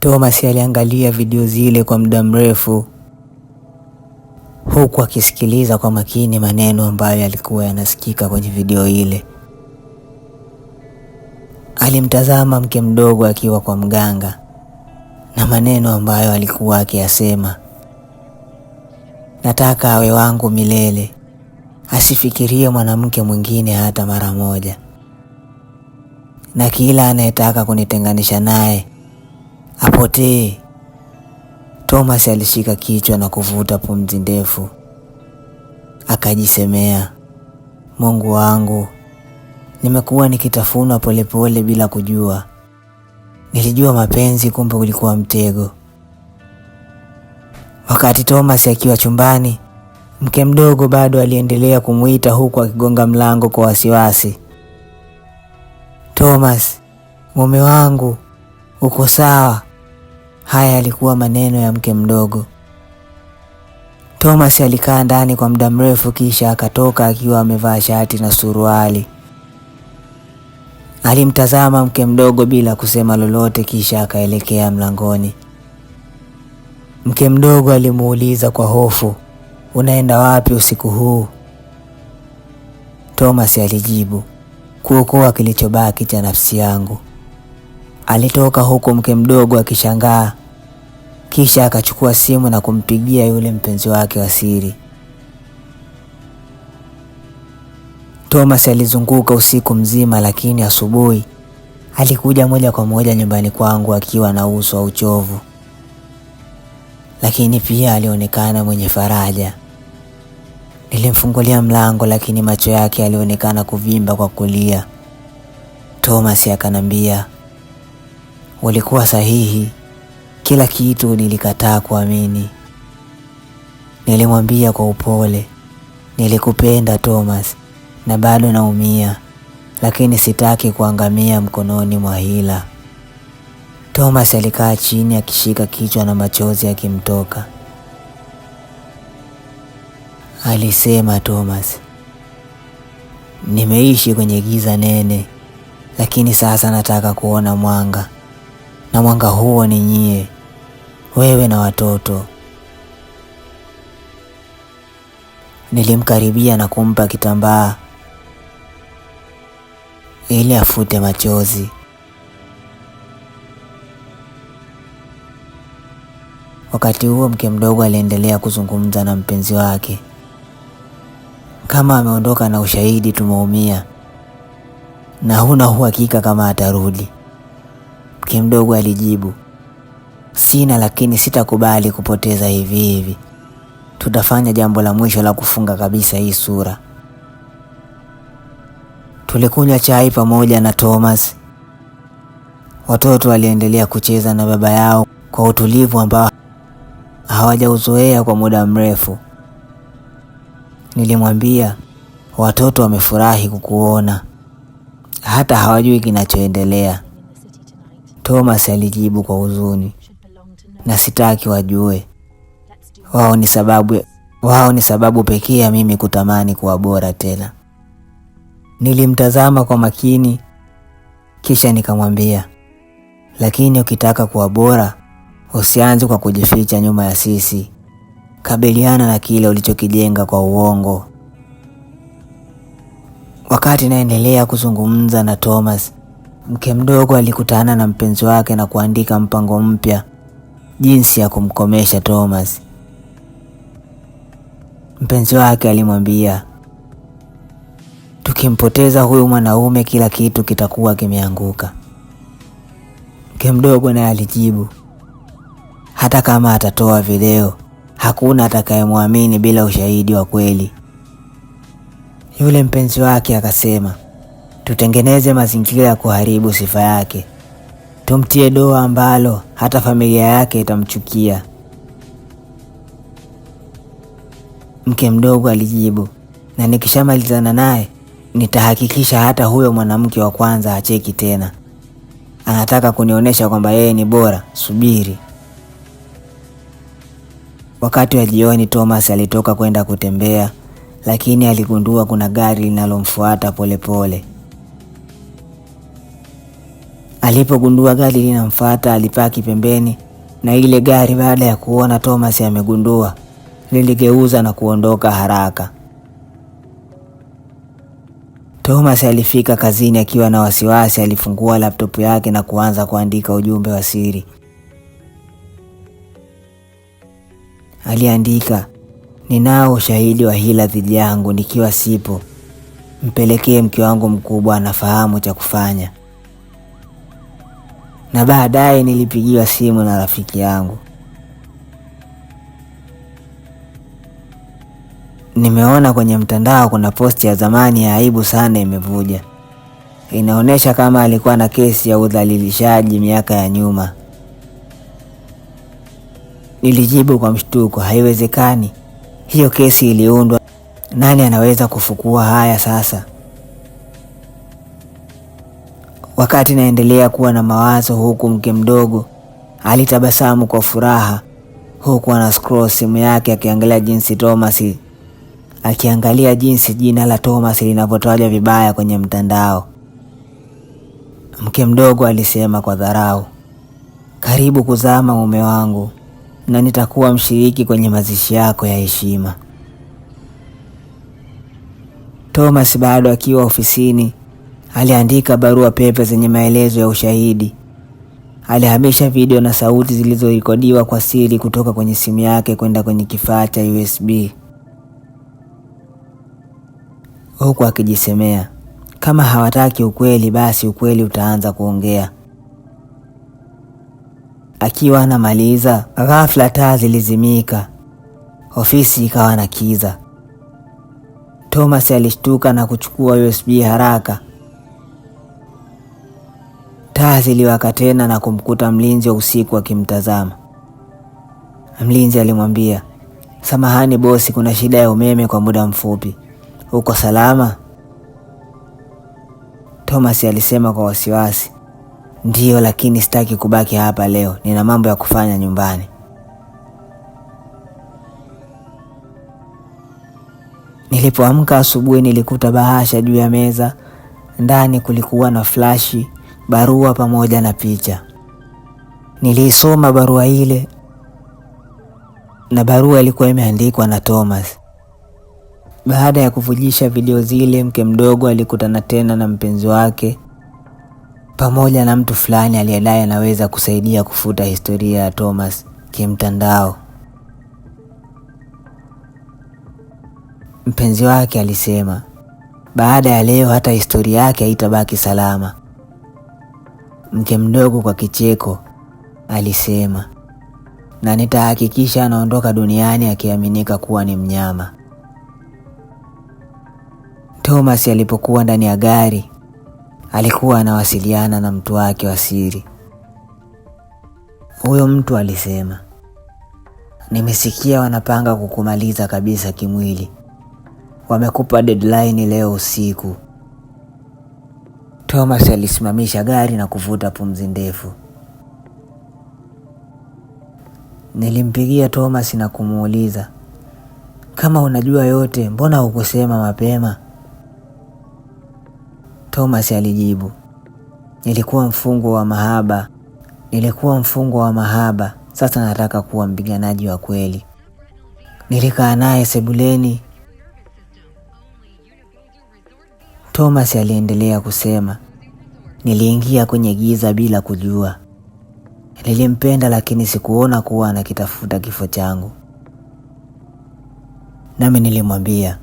Thomas aliangalia video zile kwa muda mrefu huku akisikiliza kwa makini maneno ambayo yalikuwa yanasikika kwenye video ile. Alimtazama mke mdogo akiwa kwa mganga na maneno ambayo alikuwa akiyasema, nataka awe wangu milele, asifikirie mwanamke mwingine hata mara moja, na kila anayetaka kunitenganisha naye apotee. Thomas alishika kichwa na kuvuta pumzi ndefu, akajisemea, Mungu wangu, nimekuwa nikitafunwa polepole bila kujua. Nilijua mapenzi, kumbe ulikuwa mtego. Wakati Thomas akiwa chumbani, mke mdogo bado aliendelea kumwita huku akigonga mlango kwa wasiwasi. Thomas, mume wangu, uko sawa? Haya yalikuwa maneno ya mke mdogo. Thomas alikaa ndani kwa muda mrefu kisha akatoka akiwa amevaa shati na suruali. Alimtazama mke mdogo bila kusema lolote kisha akaelekea mlangoni. Mke mdogo alimuuliza kwa hofu, "Unaenda wapi usiku huu?" Thomas alijibu, "Kuokoa kilichobaki cha nafsi yangu." alitoka huku mke mdogo akishangaa, kisha akachukua simu na kumpigia yule mpenzi wake wa siri. Thomas alizunguka usiku mzima, lakini asubuhi alikuja moja kwa moja nyumbani kwangu akiwa na uso wa uchovu, lakini pia alionekana mwenye faraja. Nilimfungulia mlango, lakini macho yake yalionekana kuvimba kwa kulia. Thomas akanambia walikuwa sahihi. Kila kitu nilikataa kuamini. Nilimwambia kwa upole, nilikupenda Thomas na bado naumia, lakini sitaki kuangamia mkononi mwa hila. Thomas alikaa chini akishika kichwa na machozi akimtoka. Alisema Thomas, nimeishi kwenye giza nene, lakini sasa nataka kuona mwanga na mwanga huo ni nyie, wewe na watoto. Nilimkaribia na kumpa kitambaa ili afute machozi. Wakati huo mke mdogo aliendelea kuzungumza na mpenzi wake, kama ameondoka na ushahidi tumeumia, na huna uhakika kama atarudi. Mke mdogo alijibu, sina, lakini sitakubali kupoteza hivi hivi. Tutafanya jambo la mwisho la kufunga kabisa hii sura. Tulikunywa chai pamoja na Thomas. Watoto waliendelea kucheza na baba yao kwa utulivu ambao hawajauzoea kwa muda mrefu. Nilimwambia, watoto wamefurahi kukuona, hata hawajui kinachoendelea. Thomas alijibu kwa huzuni, na sitaki wajue. Wao ni sababu, wao ni sababu pekee ya mimi kutamani kuwa bora tena. Nilimtazama kwa makini, kisha nikamwambia, lakini ukitaka kuwa bora usianze kwa kujificha nyuma ya sisi. Kabiliana na kile ulichokijenga kwa uongo. Wakati naendelea kuzungumza na Thomas, Mke mdogo alikutana na mpenzi wake na kuandika mpango mpya jinsi ya kumkomesha Thomas. Mpenzi wake alimwambia, tukimpoteza huyu mwanaume kila kitu kitakuwa kimeanguka. Mke mdogo naye alijibu, hata kama atatoa video hakuna atakayemwamini bila ushahidi wa kweli. Yule mpenzi wake akasema tutengeneze mazingira ya kuharibu sifa yake, tumtie doa ambalo hata familia yake itamchukia. Mke mdogo alijibu, na nikishamalizana naye nitahakikisha hata huyo mwanamke wa kwanza acheki tena. Anataka kunionyesha kwamba yeye ni bora, subiri. Wakati wa jioni, Thomas alitoka kwenda kutembea, lakini aligundua kuna gari linalomfuata polepole. Alipogundua gari linamfuata, alipaki pembeni na ile gari baada ya kuona Thomas amegundua, liligeuza na kuondoka haraka. Thomas alifika kazini akiwa na wasiwasi. Alifungua laptop yake na kuanza kuandika ujumbe wa siri. Aliandika, ninao ushahidi wa hila dhidi yangu nikiwa sipo, mpelekee mke wangu mkubwa, anafahamu cha kufanya na baadaye nilipigiwa simu na rafiki yangu. Nimeona kwenye mtandao kuna posti ya zamani ya aibu sana imevuja. Inaonyesha kama alikuwa na kesi ya udhalilishaji miaka ya nyuma. Nilijibu kwa mshtuko, haiwezekani. Hiyo kesi iliundwa. Nani anaweza kufukua haya sasa? Wakati naendelea kuwa na mawazo huku mke mdogo alitabasamu kwa furaha huku ana scroll simu yake akiangalia jinsi Thomas akiangalia jinsi jina la Thomas linavyotajwa vibaya kwenye mtandao. Mke mdogo alisema kwa dharau, karibu kuzama mume wangu, na nitakuwa mshiriki kwenye mazishi yako ya heshima. Thomas bado akiwa ofisini Aliandika barua pepe zenye maelezo ya ushahidi. Alihamisha video na sauti zilizorekodiwa kwa siri kutoka kwenye simu yake kwenda kwenye kifaa cha USB, huku akijisemea, kama hawataki ukweli, basi ukweli utaanza kuongea. Akiwa anamaliza, ghafla taa zilizimika, ofisi ikawa na kiza. Thomas alishtuka na kuchukua USB haraka Taa ziliwaka tena na kumkuta mlinzi wa usiku akimtazama. Mlinzi alimwambia, samahani bosi, kuna shida ya umeme kwa muda mfupi. Uko salama? Thomas alisema kwa wasiwasi, ndiyo, lakini sitaki kubaki hapa leo, nina mambo ya kufanya nyumbani. Nilipoamka asubuhi, nilikuta bahasha juu ya meza. Ndani kulikuwa na flashi barua pamoja na picha. Niliisoma barua ile, na barua ilikuwa imeandikwa na Thomas. Baada ya kuvujisha video zile, mke mdogo alikutana tena na mpenzi wake pamoja na mtu fulani aliyedai anaweza kusaidia kufuta historia ya Thomas kimtandao. Mpenzi wake alisema baada ya leo hata historia yake haitabaki salama. Mke mdogo kwa kicheko alisema, na nitahakikisha anaondoka duniani akiaminika kuwa ni mnyama. Thomas alipokuwa ndani ya gari alikuwa anawasiliana na mtu wake wa siri. Huyo mtu alisema, nimesikia wanapanga kukumaliza kabisa kimwili, wamekupa deadline leo usiku. Thomas alisimamisha gari na kuvuta pumzi ndefu. Nilimpigia Thomas na kumuuliza, kama unajua yote, mbona hukusema mapema? Thomas alijibu, nilikuwa mfungwa wa mahaba, nilikuwa mfungwa wa mahaba. Sasa nataka kuwa mpiganaji wa kweli. Nilikaa naye sebuleni. Thomas aliendelea kusema, Niliingia kwenye giza bila kujua. Nilimpenda lakini sikuona kuwa anakitafuta kifo changu. Nami nilimwambia,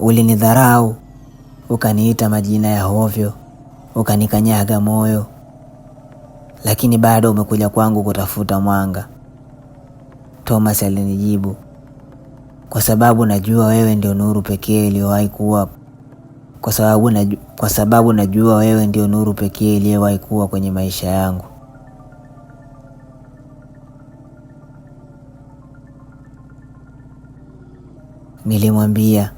ulinidharau, ukaniita majina ya hovyo, ukanikanyaga moyo, lakini bado umekuja kwangu kutafuta mwanga. Thomas alinijibu, kwa sababu najua wewe ndio nuru pekee iliyowahi kuwa kwa sababu, na, kwa sababu najua wewe ndio nuru pekee iliyowahi kuwa kwenye maisha yangu. Nilimwambia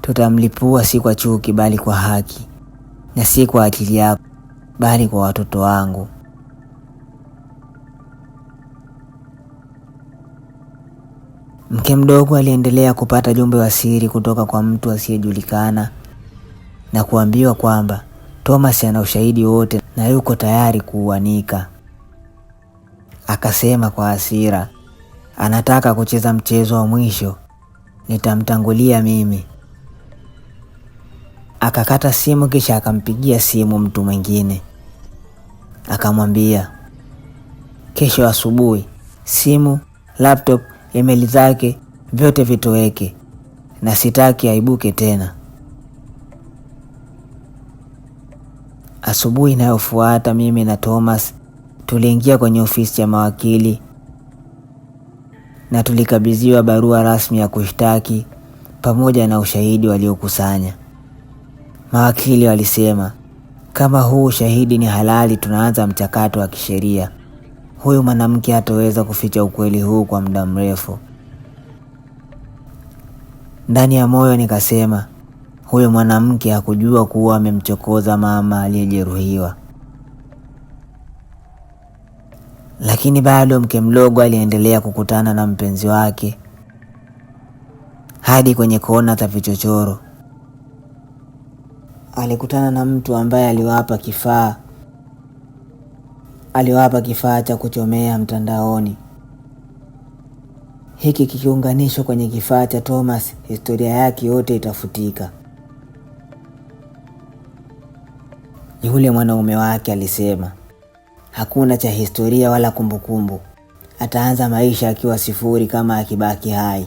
tutamlipua si kwa chuki, bali kwa haki, na si kwa ajili yako, bali kwa watoto wangu. Mke mdogo aliendelea kupata jumbe wa siri kutoka kwa mtu asiyejulikana na kuambiwa kwamba Thomas ana ushahidi wote na yuko tayari kuuanika. Akasema kwa hasira, anataka kucheza mchezo wa mwisho, nitamtangulia mimi. Akakata simu, kisha akampigia simu mtu mwingine, akamwambia kesho asubuhi simu, laptop, email zake vyote vitoweke na sitaki aibuke tena. Asubuhi inayofuata mimi na Thomas tuliingia kwenye ofisi ya mawakili na tulikabidhiwa barua rasmi ya kushtaki pamoja na ushahidi waliokusanya. Mawakili walisema kama huu ushahidi ni halali, tunaanza mchakato wa kisheria. Huyu mwanamke hataweza kuficha ukweli huu kwa muda mrefu. Ndani ya moyo nikasema, huyo mwanamke hakujua kuwa amemchokoza mama aliyejeruhiwa. Lakini bado mke mdogo aliendelea kukutana na mpenzi wake hadi kwenye kona za vichochoro. Alikutana na mtu ambaye aliwapa kifaa aliwapa kifaa cha kuchomea mtandaoni. Hiki kikiunganishwa kwenye kifaa cha Thomas, historia yake yote itafutika. Yule mwanaume wake alisema, hakuna cha historia wala kumbukumbu kumbu. Ataanza maisha akiwa sifuri kama akibaki hai.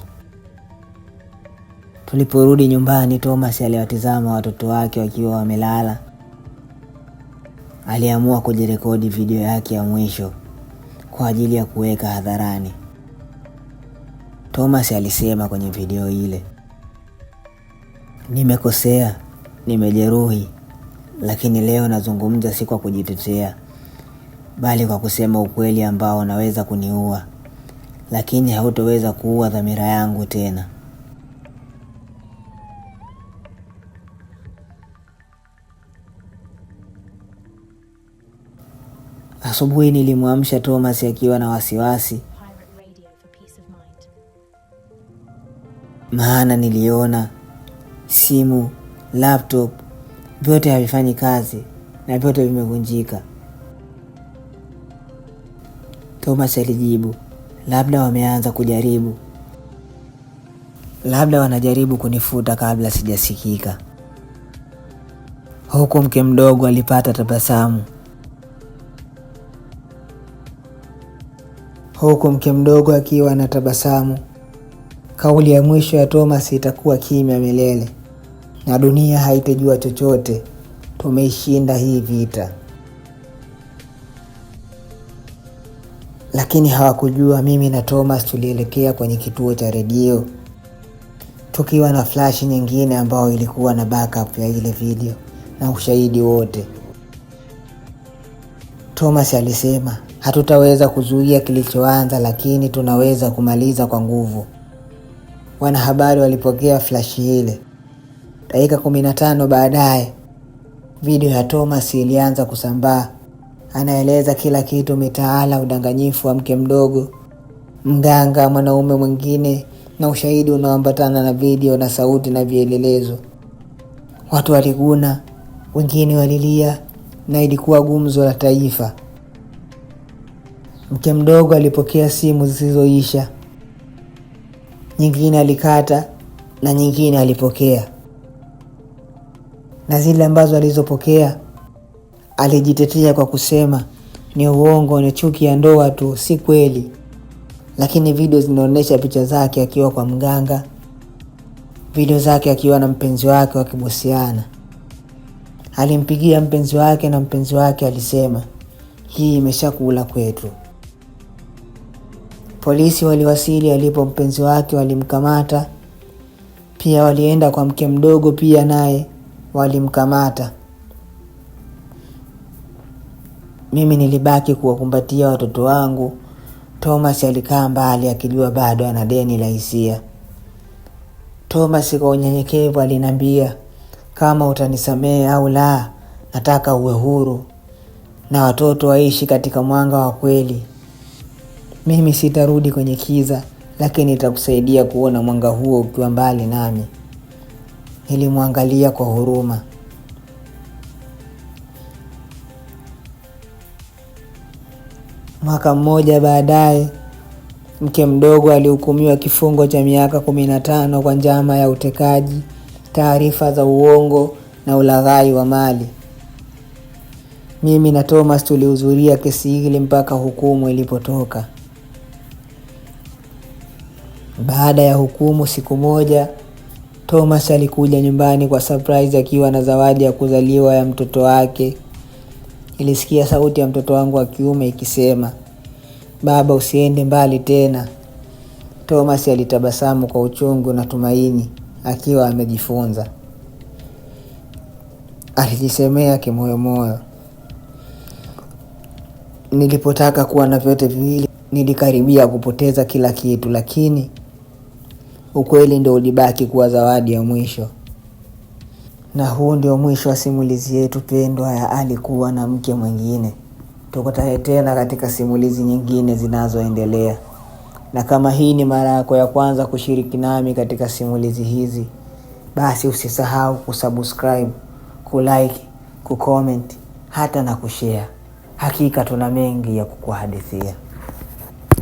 Tuliporudi nyumbani, Thomas aliwatizama watoto wake wakiwa wamelala. Aliamua kujirekodi video yake ya mwisho kwa ajili ya kuweka hadharani. Thomas alisema kwenye video ile, nimekosea, nimejeruhi, lakini leo nazungumza si kwa kujitetea, bali kwa kusema ukweli ambao unaweza kuniua, lakini hautoweza kuua dhamira yangu tena. Asubuhi nilimwamsha Thomas akiwa na wasiwasi, maana niliona simu, laptop vyote havifanyi kazi na vyote vimevunjika. Thomas alijibu, labda wameanza kujaribu, labda wanajaribu kunifuta kabla sijasikika. Huku mke mdogo alipata tabasamu, huku mke mdogo akiwa na tabasamu. Kauli ya mwisho ya Thomas itakuwa kimya milele na dunia haitajua chochote. Tumeishinda hii vita. Lakini hawakujua mimi na Thomas tulielekea kwenye kituo cha redio tukiwa na flash nyingine ambayo ilikuwa na backup ya ile video na ushahidi wote. Thomas alisema hatutaweza kuzuia kilichoanza, lakini tunaweza kumaliza kwa nguvu. Wanahabari walipokea flash ile Dakika 15 baadaye video ya Thomas ilianza kusambaa, anaeleza kila kitu mitaala, udanganyifu wa mke mdogo, mganga, mwanaume mwingine, na ushahidi unaoambatana na video na sauti na vielelezo. Watu waliguna, wengine walilia, na ilikuwa gumzo la taifa. Mke mdogo alipokea simu zisizoisha, nyingine alikata na nyingine alipokea na zile ambazo alizopokea alijitetea kwa kusema ni uongo, ni chuki ya ndoa tu, si kweli. Lakini video zinaonyesha picha zake akiwa kwa mganga, video zake akiwa na mpenzi wake wakibosiana Alimpigia mpenzi wake na mpenzi wake alisema hii imeshakula kwetu. Polisi waliwasili alipo mpenzi wake, walimkamata. Pia walienda kwa mke mdogo, pia naye walimkamata. Mimi nilibaki kuwakumbatia watoto wangu. Thomas alikaa mbali akijua bado ana deni la hisia. Thomas kwa unyenyekevu aliniambia, kama utanisamehe au la, nataka uwe huru na watoto waishi katika mwanga wa kweli. Mimi sitarudi kwenye kiza, lakini nitakusaidia kuona mwanga huo ukiwa mbali nami. Nilimwangalia kwa huruma. Mwaka mmoja baadaye, mke mdogo alihukumiwa kifungo cha miaka 15 kwa njama ya utekaji, taarifa za uongo na ulaghai wa mali. Mimi na Thomas tulihudhuria kesi hili mpaka hukumu ilipotoka. Baada ya hukumu, siku moja Thomas alikuja nyumbani kwa surprise akiwa na zawadi ya kuzaliwa ya mtoto wake. Nilisikia sauti ya mtoto wangu wa kiume ikisema, baba, usiende mbali tena. Thomas alitabasamu kwa uchungu na tumaini, akiwa amejifunza. Alijisemea kimoyomoyo, nilipotaka kuwa na vyote viwili nilikaribia kupoteza kila kitu, lakini Ukweli ndio ulibaki kuwa zawadi ya mwisho. Na huu ndio mwisho wa simulizi yetu pendwa ya Alikuwa na Mke Mwingine. Tukutane tena katika simulizi nyingine zinazoendelea, na kama hii ni mara yako ya kwanza kushiriki nami katika simulizi hizi, basi usisahau kusubscribe, kulike, kucomment hata na kushare. Hakika tuna mengi ya kukuhadithia.